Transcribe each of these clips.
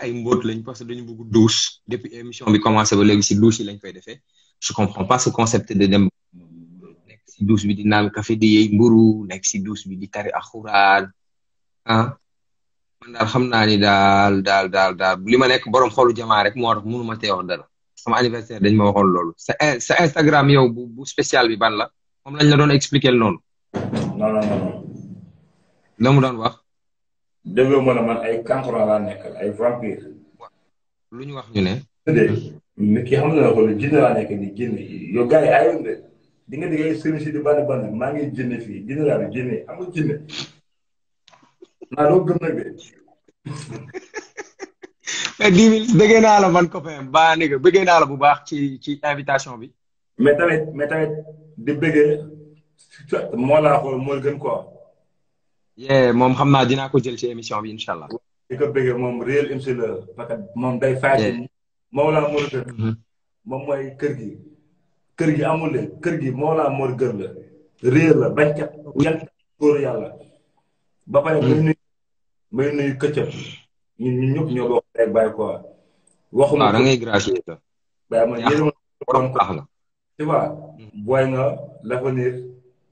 ay mbóot lañ parce que dañu bëgg douche depuis émission bi commencé ba légui ci douche lañ koy défé je comprends pas ce concept de dem nekk si douche bi di naan café di yey mburu nek ci douche bi di tari axuraan ah man daal xamna ni dal dal dal dal li ma nekk borom xoolu jamaa rek mo tax mënu ma tee wax dara sama anniversaire dañ ma waxon lolu sa sa Instagram yow bu bu spécial bi ban la moom lañ la doon expliquer lolu non non non. la mu doon wax. déggoo ma man ay kankuran laa nekkal ay vampire. lu ñu wax ñu ne. dégg ki xam na ko jinne laa nekk nii jinne yow yi ayoon de di nga déggee sëriñ si di bànn bànn maa ngi jinne fii jinne laa ne jinne amul jinne naa doo de. mais dix la man copain ba ni nga la bu baax ci ci invitation bi. mais tamit mais tamit di bëggee moo xool moo gën quoi. yee moom xam naa dinaa ko jël ci émission bi incha allah. di ko bëggee moom réel la parce moom day fay. moom laa mor gër mm-hmm. moom kër kër gi amul kër gi moom laa mor gër la réer la bañkat yan góor yàlla ba pare muy mm-hmm. nuyu muy nuyu këccëb ñun ñun ñëpp ñoo bokk rek bàyyi quoi waxuma waaw ah, da ngay gracier bàyyi ma yéen ma baax la tu vois mm-hmm. booy nga l'avenir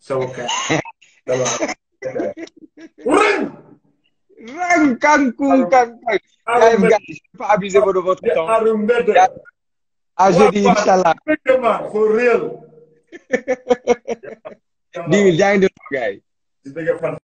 sama kàddu rang. rang kanku kanku. guys guys pas abuser de votre temps. à jeudi inshallah. for real. Deal, yaa ngi déglu gars yi.